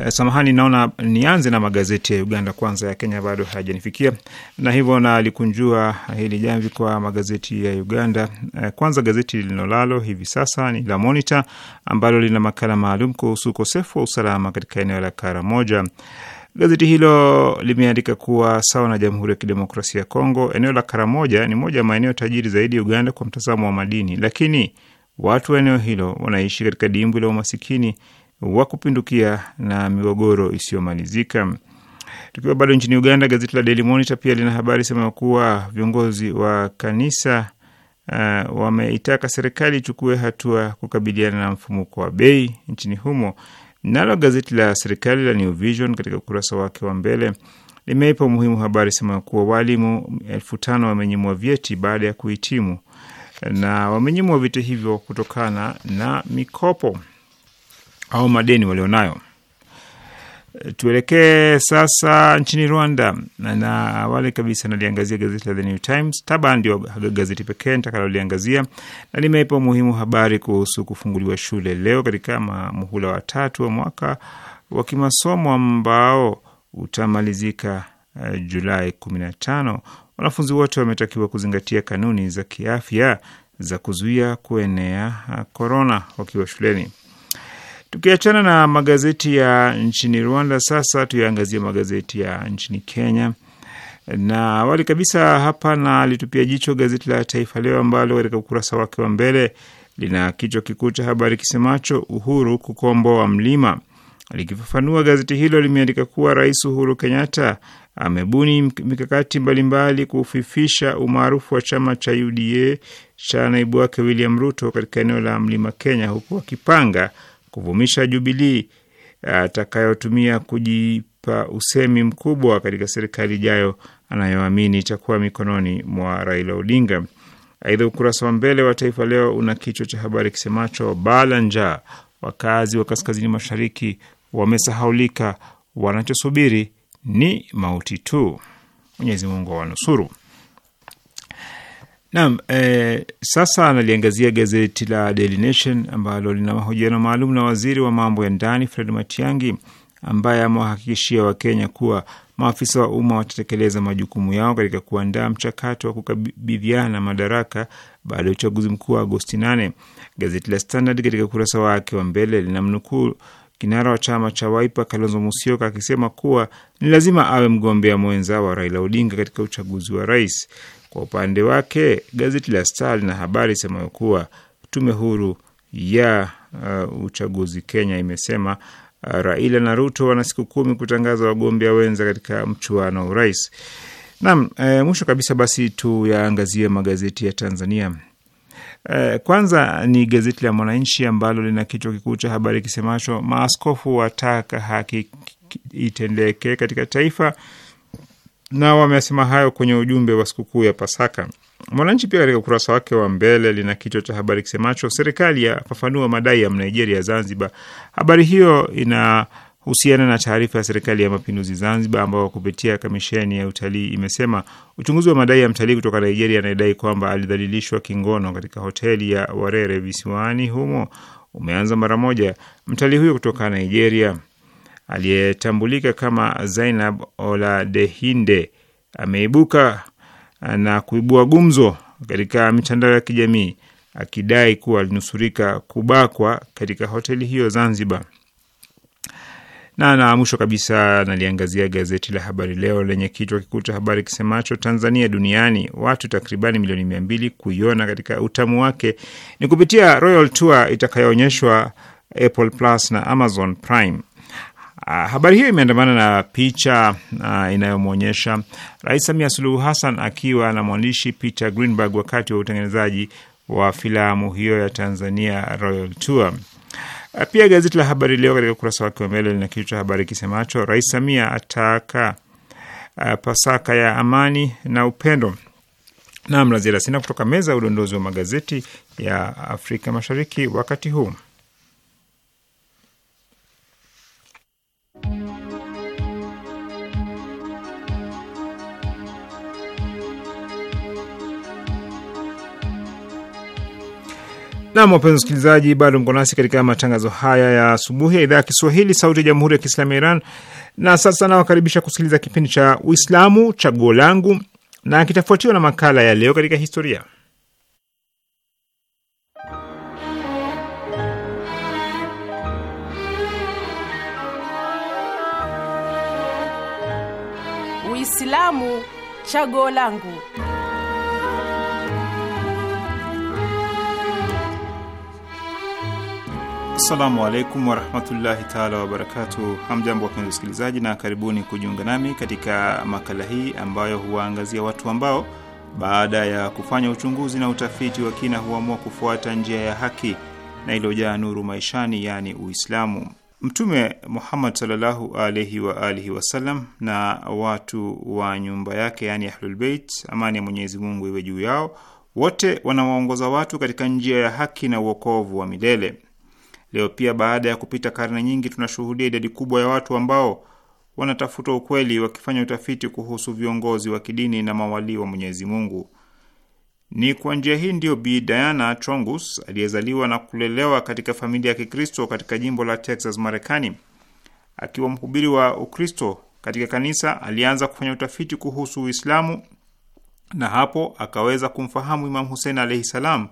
Uh, samahani, naona nianze na magazeti ya Uganda kwanza, ya Kenya bado hayajanifikia, na hivyo nalikunjua hili jamvi kwa magazeti ya Uganda. Uh, kwanza gazeti linolalo hivi sasa ni la Monitor ambalo lina makala maalum kuhusu ukosefu wa usalama katika eneo la Karamoja. Gazeti hilo limeandika kuwa sawa na Jamhuri ya Kidemokrasia ya Kongo, eneo la Karamoja ni moja ya maeneo tajiri zaidi ya Uganda kwa mtazamo wa madini, lakini watu wa eneo hilo wanaishi katika dimbwi la umasikini wa kupindukia na migogoro isiyomalizika. Tukiwa bado nchini Uganda, gazeti la Daily Monitor pia lina habari sema kuwa viongozi wa kanisa uh, wameitaka serikali ichukue hatua kukabiliana na mfumuko wa bei nchini humo. Nalo gazeti la serikali la New Vision katika ukurasa wake wa mbele limeipa umuhimu habari sema kuwa walimu elfu tano wamenyimwa vyeti baada ya kuhitimu, na wamenyimwa vyeti hivyo kutokana na mikopo au madeni walionayo. Eh, tuelekee sasa nchini Rwanda na awali kabisa naliangazia gazeti la The New Times. Taba ndio gazeti pekee nitakaloliangazia na limeipa umuhimu habari kuhusu kufunguliwa shule leo katika muhula wa tatu wa mwaka wa kimasomo ambao utamalizika uh, Julai 15. Wanafunzi wote wametakiwa kuzingatia kanuni za kiafya za kuzuia kuenea korona eh, wakiwa shuleni. Tukiachana na magazeti ya nchini Rwanda, sasa tuyaangazie magazeti ya nchini Kenya na awali kabisa hapa na litupia jicho gazeti la Taifa Leo ambalo katika ukurasa wake wa mbele lina kichwa kikuu cha habari kisemacho Uhuru kukomboa mlima. Likifafanua, gazeti hilo limeandika kuwa Rais Uhuru Kenyatta amebuni mikakati mbalimbali kufifisha umaarufu wa chama cha UDA cha naibu wake William Ruto katika eneo la Mlima Kenya, huku akipanga kuvumisha Jubilii atakayotumia kujipa usemi mkubwa katika serikali ijayo anayoamini itakuwa mikononi mwa Raila Odinga. Aidha, ukurasa wa mbele wa Taifa Leo una kichwa cha habari kisemacho bala njaa, wakazi wa kaskazini mashariki wamesahaulika, wanachosubiri ni mauti tu. Mwenyezi Mungu awanusuru. Naam, e, sasa analiangazia gazeti la Daily Nation ambalo lina mahojiano maalum na waziri wa mambo ya ndani Fred Matiang'i ambaye amewahakikishia Wakenya kuwa maafisa wa umma watatekeleza majukumu yao katika kuandaa mchakato wa kukabidhiana madaraka baada ya uchaguzi mkuu wa Agosti 8. Gazeti la Standard katika ukurasa wake wa mbele linamnukuu kinara wa chama cha Wiper Kalonzo Musyoka akisema kuwa ni lazima awe mgombea mwenza wa Raila Odinga katika uchaguzi wa rais. Kwa upande wake gazeti la Star lina habari isemayo kuwa tume huru ya uh, uchaguzi Kenya imesema uh, Raila na Ruto wana siku kumi kutangaza wagombea wenza katika mchuano wa urais. Naam, uh, mwisho kabisa basi tuyaangazie magazeti ya Tanzania. Uh, kwanza ni gazeti la Mwananchi ambalo lina kichwa kikuu cha habari kisemacho maaskofu wataka haki itendeke katika taifa na wameasema hayo kwenye ujumbe wa sikukuu ya Pasaka. Mwananchi pia katika ukurasa wake wa mbele lina kichwa cha habari kisemacho serikali yafafanua madai ya Mnigeria ya Zanzibar. Habari hiyo inahusiana na taarifa ya serikali ya mapinduzi Zanzibar, ambayo kupitia kamisheni ya utalii imesema uchunguzi wa madai ya mtalii kutoka Nigeria anayedai kwamba alidhalilishwa kingono katika hoteli ya Warere visiwani humo umeanza mara moja. Mtalii huyo kutoka Nigeria aliyetambulika kama Zainab Oladehinde ameibuka na kuibua gumzo katika mitandao ya kijamii akidai kuwa alinusurika kubakwa katika hoteli hiyo Zanzibar. Na na mwisho kabisa naliangazia gazeti la Habari Leo lenye kichwa kikuu cha habari kisemacho Tanzania duniani, watu takribani milioni mia mbili kuiona katika utamu wake ni kupitia Royal Tour itakayoonyeshwa Apple Plus na Amazon Prime. Ah, habari hiyo imeandamana na picha uh, inayomwonyesha Rais Samia Suluhu Hassan akiwa na mwandishi Peter Greenberg wakati wa utengenezaji wa filamu hiyo ya Tanzania Royal Tour. Ah, pia gazeti la Habari Leo katika ukurasa wake wa mbele lina kichwa habari kisemacho Rais Samia ataka uh, Pasaka ya amani na upendo. Naam, la ziada sina kutoka meza ya udondozi wa magazeti ya Afrika Mashariki wakati huu. Nam, wapenzi wasikilizaji, bado mko nasi katika matangazo haya ya asubuhi ya idhaa ya Kiswahili sauti ya jamhuri ya kiislamu ya Iran. Na sasa nawakaribisha kusikiliza kipindi cha Uislamu chaguo langu, na kitafuatiwa na makala ya leo katika historia. Uislamu chaguo langu. Assalamu alaikum warahmatullahi taala wabarakatu. Hamjambo wapenzi wasikilizaji, na karibuni kujiunga nami katika makala hii ambayo huwaangazia watu ambao baada ya kufanya uchunguzi na utafiti wa kina huamua kufuata njia ya haki na iliyojaa nuru maishani, yaani Uislamu. Mtume Muhammad sallallahu alaihi wa alihi wasallam na watu wa nyumba yake, yaani Ahlulbeit, amani ya Mwenyezi Mungu iwe juu yao, wote wanawaongoza watu katika njia ya haki na uokovu wa milele. Leo pia, baada ya kupita karne nyingi, tunashuhudia idadi kubwa ya watu ambao wanatafuta ukweli wakifanya utafiti kuhusu viongozi wa kidini na mawalii wa Mwenyezi Mungu. Ni kwa njia hii ndiyo Bi Diana Chongus aliyezaliwa na kulelewa katika familia ya Kikristo katika jimbo la Texas, Marekani, akiwa mhubiri wa Ukristo katika kanisa, alianza kufanya utafiti kuhusu Uislamu na hapo akaweza kumfahamu Imam Husein alaihi salam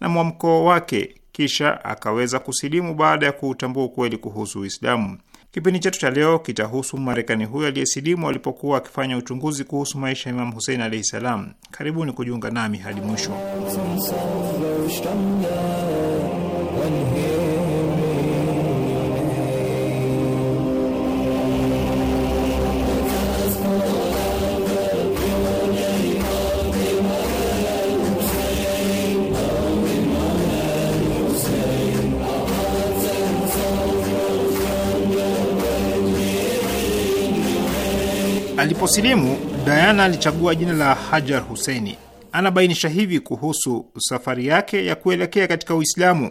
na mwamko wake kisha akaweza kusilimu baada ya kuutambua ukweli kuhusu Uislamu. Kipindi chetu cha leo kitahusu Marekani huyo aliyesilimu alipokuwa akifanya uchunguzi kuhusu maisha ya Imamu Husein alaihi salam. Karibuni kujiunga nami hadi mwisho. Aliposilimu, Diana alichagua jina la Hajar Huseini. Anabainisha hivi kuhusu safari yake ya kuelekea katika Uislamu.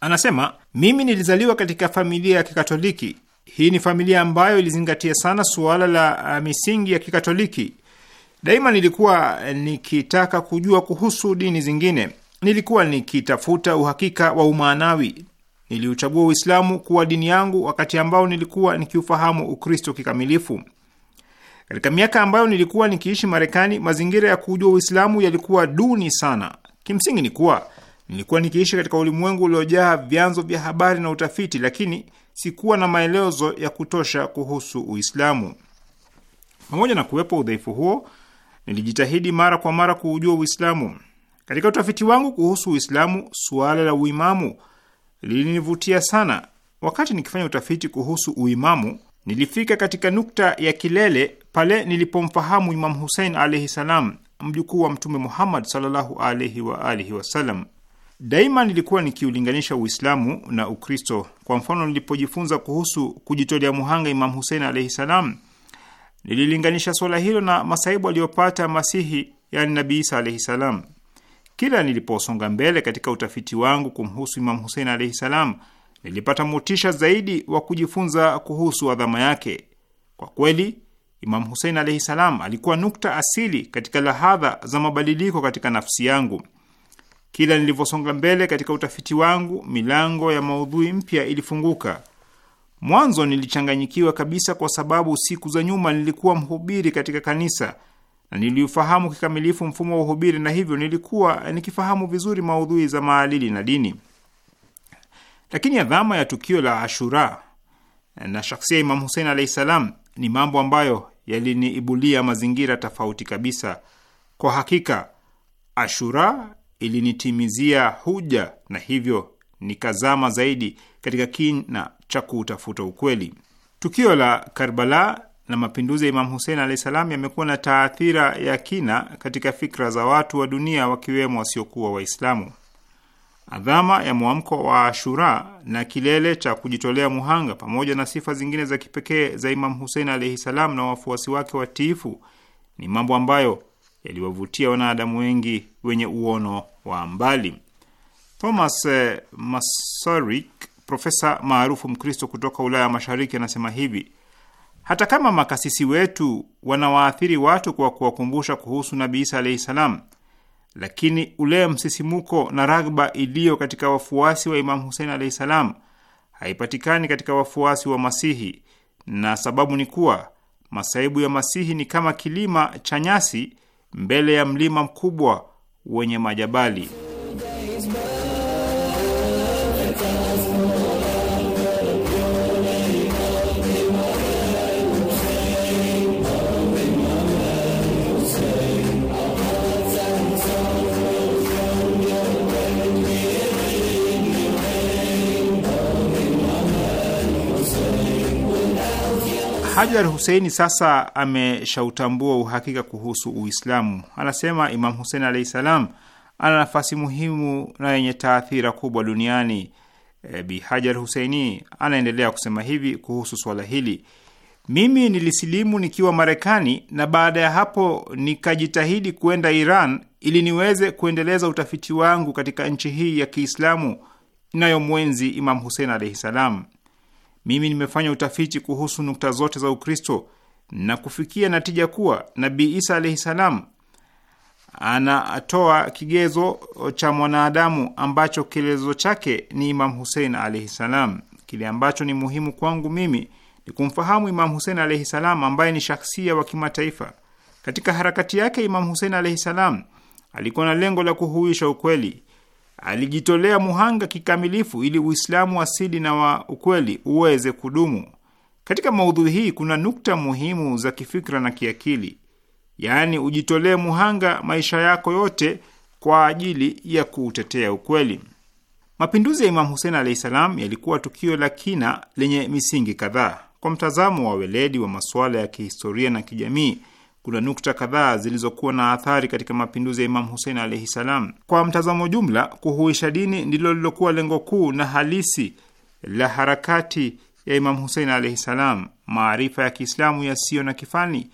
Anasema, mimi nilizaliwa katika familia ya Kikatoliki. Hii ni familia ambayo ilizingatia sana suala la ah, misingi ya Kikatoliki. Daima nilikuwa nikitaka kujua kuhusu dini zingine, nilikuwa nikitafuta uhakika wa umaanawi. Niliuchagua Uislamu kuwa dini yangu wakati ambao nilikuwa nikiufahamu Ukristo kikamilifu. Katika miaka ambayo nilikuwa nikiishi Marekani, mazingira ya kujua Uislamu yalikuwa duni sana. Kimsingi ni kuwa nilikuwa nikiishi katika ulimwengu uliojaa vyanzo vya habari na utafiti, lakini sikuwa na maelezo ya kutosha kuhusu Uislamu. Pamoja na kuwepo udhaifu huo, nilijitahidi mara kwa mara kuujua Uislamu. Katika utafiti wangu kuhusu Uislamu, suala la uimamu lilinivutia sana. Wakati nikifanya utafiti kuhusu uimamu Nilifika katika nukta ya kilele pale nilipomfahamu Imam Husein alaihi salam, mjukuu wa Mtume Muhammad sallallahu alaihi wa alihi wasalam. Daima nilikuwa nikiulinganisha Uislamu na Ukristo. Kwa mfano, nilipojifunza kuhusu kujitolea muhanga Imam Husein alaihi salam, nililinganisha swala hilo na masaibu aliyopata Masihi, yani Nabii Isa alaihi salam. Kila niliposonga mbele katika utafiti wangu kumhusu Imam Husein alaihi salam nilipata motisha zaidi wa kujifunza kuhusu adhama yake. Kwa kweli, Imam Husein alaihi salam alikuwa nukta asili katika lahadha za mabadiliko katika nafsi yangu. Kila nilivyosonga mbele katika utafiti wangu, milango ya maudhui mpya ilifunguka. Mwanzo nilichanganyikiwa kabisa, kwa sababu siku za nyuma nilikuwa mhubiri katika kanisa na niliufahamu kikamilifu mfumo wa uhubiri, na hivyo nilikuwa nikifahamu vizuri maudhui za maadili na dini. Lakini adhama ya tukio la Ashura na shakhsia ya Imam Husein alahi salam ni mambo ambayo yaliniibulia mazingira tofauti kabisa. Kwa hakika Ashura ilinitimizia huja na hivyo nikazama zaidi katika kina cha kuutafuta ukweli. Tukio la Karbala na mapinduzi ya Imam Husein alahi salam yamekuwa na taathira ya kina katika fikra za watu wa dunia, wakiwemo wasiokuwa Waislamu adhama ya mwamko wa Ashura na kilele cha kujitolea muhanga, pamoja na sifa zingine za kipekee za Imam Husein alaihi salam na wafuasi wake watiifu, ni mambo ambayo yaliwavutia wanadamu wengi wenye uono wa mbali. Thomas eh, Masaryk, profesa maarufu Mkristo kutoka Ulaya ya Mashariki, anasema hivi: hata kama makasisi wetu wanawaathiri watu kwa kuwakumbusha kuhusu Nabii Isa alaihi salam lakini ule msisimuko na ragba iliyo katika wafuasi wa Imamu Husein alahi salam haipatikani katika wafuasi wa Masihi, na sababu ni kuwa masaibu ya Masihi ni kama kilima cha nyasi mbele ya mlima mkubwa wenye majabali. Hajar Huseini sasa ameshautambua uhakika kuhusu Uislamu. Anasema Imam Husein alahi salam ana nafasi muhimu na yenye taathira kubwa duniani. E, Bi Hajar Huseini anaendelea kusema hivi kuhusu swala hili: mimi nilisilimu nikiwa Marekani na baada ya hapo nikajitahidi kuenda Iran ili niweze kuendeleza utafiti wangu katika nchi hii ya Kiislamu inayomwenzi Imam Husein alahi salam. Mimi nimefanya utafiti kuhusu nukta zote za Ukristo na kufikia natija kuwa Nabii Isa alaihi salam anatoa kigezo cha mwanadamu ambacho kielezo chake ni Imam Husein alaihi salam. Kile ambacho ni muhimu kwangu mimi ni kumfahamu Imam Husein alaihi salam ambaye ni shakhsia wa kimataifa. Katika harakati yake Imam Husein alaihi salam alikuwa na lengo la kuhuisha ukweli alijitolea muhanga kikamilifu ili Uislamu asili na wa ukweli uweze kudumu. Katika maudhui hii kuna nukta muhimu za kifikra na kiakili, yaani ujitolee muhanga maisha yako yote kwa ajili ya kuutetea ukweli. Mapinduzi ya Imam Husein alahi salam yalikuwa tukio la kina lenye misingi kadhaa. Kwa mtazamo wa weledi wa masuala ya kihistoria na kijamii kuna nukta kadhaa zilizokuwa na athari katika mapinduzi ya Imam Husein alaihi salam. Kwa mtazamo jumla, kuhuisha dini ndilo lilokuwa lengo kuu na halisi la harakati ya Imam Husein alaihi salam. Maarifa ya Kiislamu yasiyo na kifani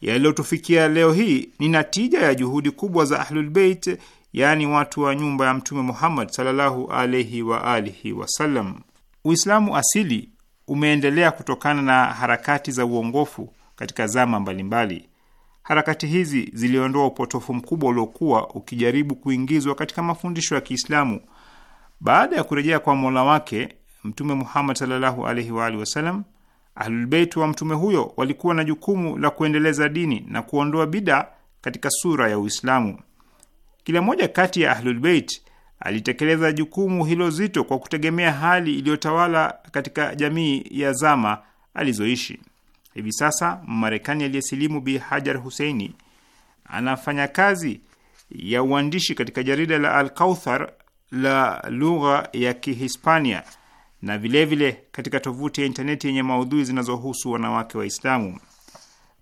yaliyotufikia leo hii ni natija ya juhudi kubwa za Ahlulbeit, yaani watu wa nyumba ya Mtume Muhammad sallallahu alaihi wa alihi wasallam. Uislamu asili umeendelea kutokana na harakati za uongofu katika zama mbalimbali. Harakati hizi ziliondoa upotofu mkubwa uliokuwa ukijaribu kuingizwa katika mafundisho ya Kiislamu. Baada ya kurejea kwa mola wake Mtume Muhammad sallallahu alaihi wa alihi wasallam, Ahlulbeit wa mtume huyo walikuwa na jukumu la kuendeleza dini na kuondoa bida katika sura ya Uislamu. Kila mmoja kati ya Ahlulbeit alitekeleza jukumu hilo zito kwa kutegemea hali iliyotawala katika jamii ya zama alizoishi. Hivi sasa Marekani aliyesilimu Bi Hajar Huseini anafanya kazi ya uandishi katika jarida la Al Kauthar la lugha ya Kihispania na vilevile vile katika tovuti ya intaneti yenye maudhui zinazohusu wanawake Waislamu.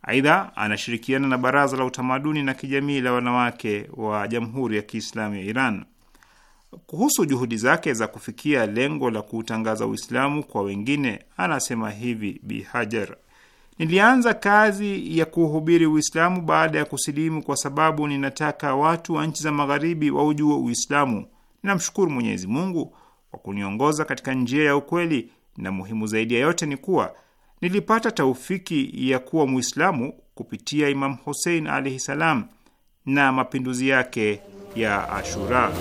Aidha, anashirikiana na Baraza la Utamaduni na Kijamii la Wanawake wa Jamhuri ya Kiislamu ya Iran. Kuhusu juhudi zake za kufikia lengo la kuutangaza Uislamu kwa wengine, anasema hivi Bi Hajar: Nilianza kazi ya kuhubiri Uislamu baada ya kusilimu, kwa sababu ninataka watu wa nchi za magharibi waujue Uislamu. Ninamshukuru Mwenyezi Mungu kwa kuniongoza katika njia ya ukweli, na muhimu zaidi ya yote ni kuwa nilipata taufiki ya kuwa Muislamu kupitia Imam husein alaihi salam na mapinduzi yake ya Ashura.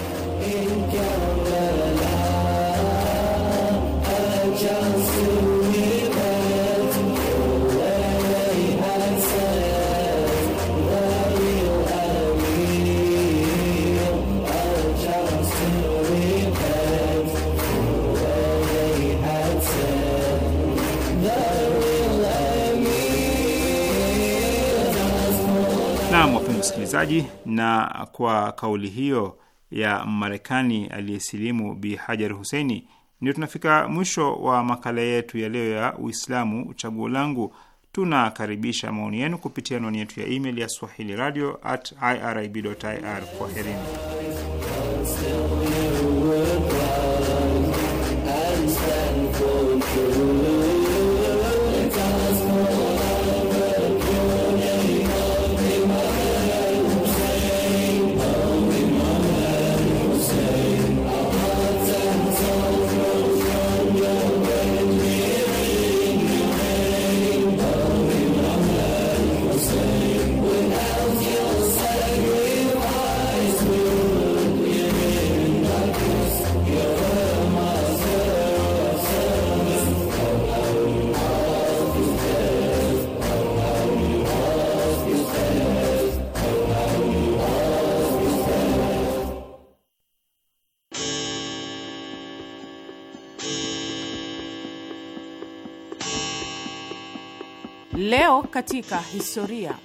usikilizaji, na kwa kauli hiyo ya Marekani aliyesilimu Bi Hajar Huseini, ndio tunafika mwisho wa makala yetu ya leo ya Uislamu Chaguo Langu. Tunakaribisha maoni yenu kupitia anwani yetu ya email ya swahili radio at irib.ir. Kwaherini. katika historia.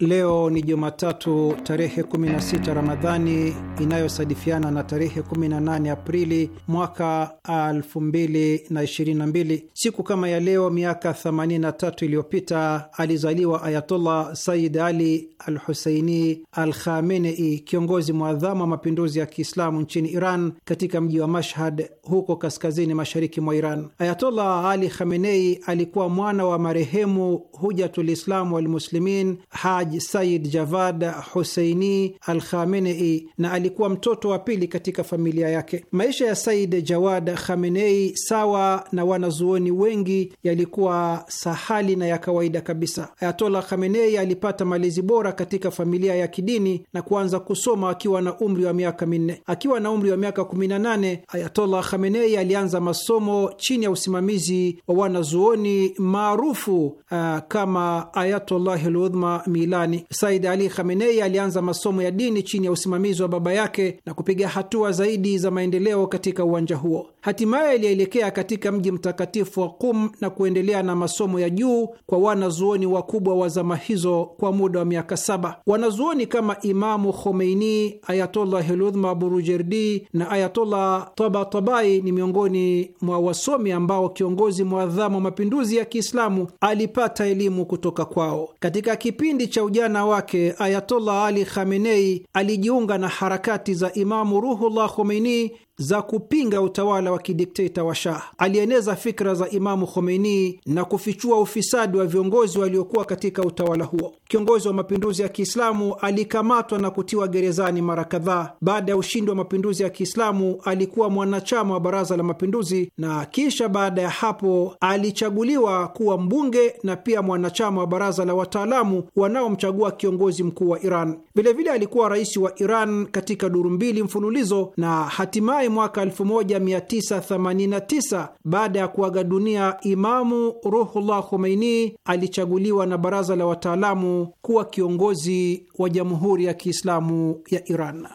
Leo ni Jumatatu tarehe 16 Ramadhani inayosadifiana na tarehe 18 Aprili mwaka 2022. Siku kama ya leo miaka 83 iliyopita alizaliwa ayatollah Sayyid Ali al Huseini al Khamenei, kiongozi mwadhamu wa mapinduzi ya Kiislamu nchini Iran, katika mji wa Mashhad huko kaskazini mashariki mwa Iran. ayatollah Ali Khamenei alikuwa mwana wa marehemu Hujatulislamu walmuslimin Haj Haj Said Javad Huseini Al Khamenei na alikuwa mtoto wa pili katika familia yake. Maisha ya Said Jawad Khamenei, sawa na wanazuoni wengi, yalikuwa sahali na ya kawaida kabisa. Ayatola Khamenei alipata malezi bora katika familia ya kidini na kuanza kusoma akiwa na umri wa miaka minne. Akiwa na umri wa miaka 18 Ayatola Khamenei alianza masomo chini ya usimamizi wa wanazuoni maarufu uh, kama Ayatollahi Ludhma Mila Irani. Said Ali Khamenei alianza masomo ya dini chini ya usimamizi wa baba yake na kupiga hatua zaidi za maendeleo katika uwanja huo. Hatimaye alielekea katika mji mtakatifu wa Qum na kuendelea na masomo ya juu kwa wanazuoni wakubwa wa zama hizo kwa muda wa miaka saba. Wanazuoni kama Imamu Khomeini, Ayatollah Heludhma Burujerdi na Ayatollah Tabatabai ni miongoni mwa wasomi ambao kiongozi mwadhamu wa mapinduzi ya Kiislamu alipata elimu kutoka kwao. Katika kipindi cha ujana wake Ayatollah Ali Khamenei alijiunga na harakati za Imamu Ruhullah Khomeini za kupinga utawala wa kidikteta wa Shah. Alieneza fikra za Imamu Khomeini na kufichua ufisadi wa viongozi waliokuwa katika utawala huo. Kiongozi wa mapinduzi ya Kiislamu alikamatwa na kutiwa gerezani mara kadhaa. Baada ya ushindi wa mapinduzi ya Kiislamu alikuwa mwanachama wa Baraza la Mapinduzi, na kisha baada ya hapo alichaguliwa kuwa mbunge na pia mwanachama wa Baraza la Wataalamu wanaomchagua kiongozi mkuu wa Iran. Vilevile alikuwa rais wa Iran katika duru mbili mfululizo na hatimaye mwaka 1989 baada ya kuaga dunia Imamu Ruhullah Khomeini, alichaguliwa na baraza la wataalamu kuwa kiongozi wa Jamhuri ya Kiislamu ya Iran.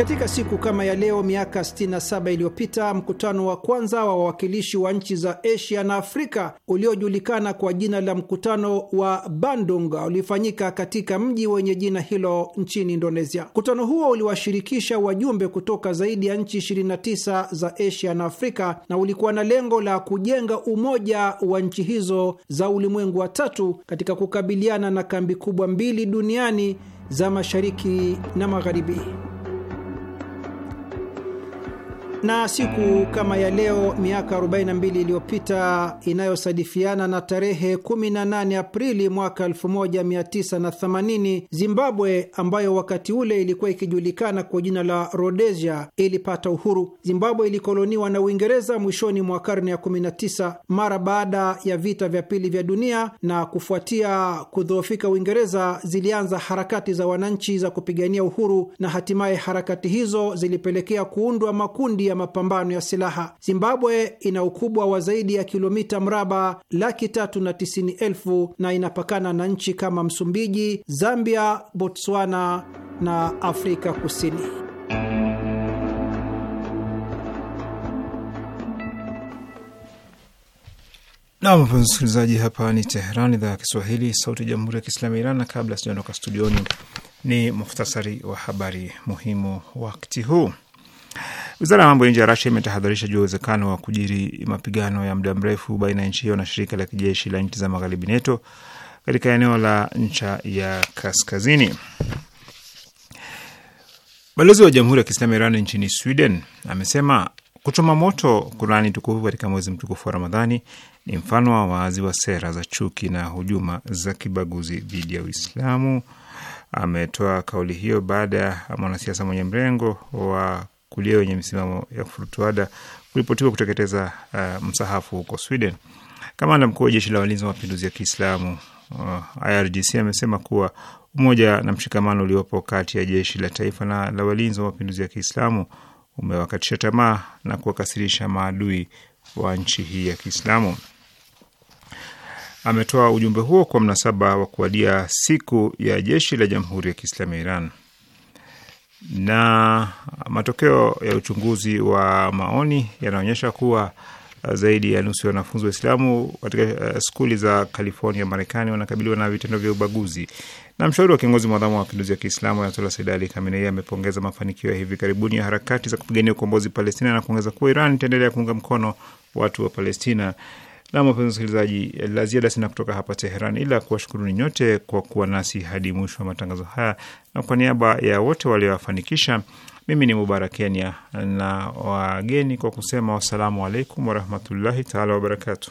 Katika siku kama ya leo miaka 67 iliyopita mkutano wa kwanza wa wawakilishi wa nchi za Asia na Afrika uliojulikana kwa jina la mkutano wa Bandung ulifanyika katika mji wenye jina hilo nchini Indonesia. Mkutano huo uliwashirikisha wajumbe kutoka zaidi ya nchi 29 za Asia na Afrika na ulikuwa na lengo la kujenga umoja wa nchi hizo za ulimwengu wa tatu katika kukabiliana na kambi kubwa mbili duniani za mashariki na magharibi na siku kama ya leo miaka 42 iliyopita inayosadifiana na tarehe 18 Aprili mwaka 1980, Zimbabwe ambayo wakati ule ilikuwa ikijulikana kwa jina la Rhodesia ilipata uhuru. Zimbabwe ilikoloniwa na Uingereza mwishoni mwa karne ya 19 mara baada ya vita vya pili vya dunia, na kufuatia kudhoofika Uingereza zilianza harakati za wananchi za kupigania uhuru, na hatimaye harakati hizo zilipelekea kuundwa makundi ya mapambano ya silaha. Zimbabwe ina ukubwa wa zaidi ya kilomita mraba laki tatu na tisini elfu na inapakana na nchi kama Msumbiji, Zambia, Botswana na Afrika Kusini. Nam wapenzi msikilizaji, hapa ni Teheran, idhaa ya Kiswahili, sauti ya jamhuri ya kiislamu ya Iran. Na kabla sijaondoka studioni, ni muhtasari wa habari muhimu wakati huu. Wizara ya mambo ya nje ya Rasia imetahadharisha juu ya uwezekano wa kujiri mapigano ya muda mrefu baina ya nchi hiyo na shirika la kijeshi la nchi za magharibi NATO katika eneo la ncha ya kaskazini. Balozi wa Jamhuri ya Kiislamu Iran nchini Sweden amesema kuchoma moto Kurani tukufu katika mwezi mtukufu wa Ramadhani ni mfano wa wazi wa sera za chuki na hujuma za kibaguzi dhidi ya Uislamu. Ametoa kauli hiyo baada ya mwanasiasa mwenye mrengo wa kulia wenye misimamo ya kufurutuada kuripotiwa kuteketeza uh, msahafu huko Sweden. Kamanda mkuu wa jeshi la walinzi wa mapinduzi ya Kiislamu uh, IRGC amesema kuwa umoja na mshikamano uliopo kati ya jeshi la taifa na la walinzi wa mapinduzi ya Kiislamu umewakatisha tamaa na kuwakasirisha maadui wa nchi hii ya Kiislamu. Ametoa ujumbe huo kwa mnasaba wa kuadia siku ya jeshi la Jamhuri ya Kiislamu ya Iran na matokeo ya uchunguzi wa maoni yanaonyesha kuwa uh, zaidi ya nusu ya wanafunzi wa Islamu katika uh, skuli za California, Marekani wanakabiliwa na vitendo vya ubaguzi. Na mshauri wa kiongozi mwadhamu wa mapinduzi ya Kiislamu Ayatollah Said Ali Khamenei amepongeza mafanikio ya hivi karibuni ya harakati za kupigania ukombozi Palestina na kuongeza kuwa Iran itaendelea kuunga mkono watu wa Palestina. Na mapenzi msikilizaji, la ziada sina kutoka hapa Teheran ila kuwashukuruni nyote kwa kuwa nasi hadi mwisho wa matangazo haya, na kwa niaba ya wote waliowafanikisha, mimi ni Mubarak Kenya na wageni kwa kusema wassalamu alaikum warahmatullahi taala wabarakatu.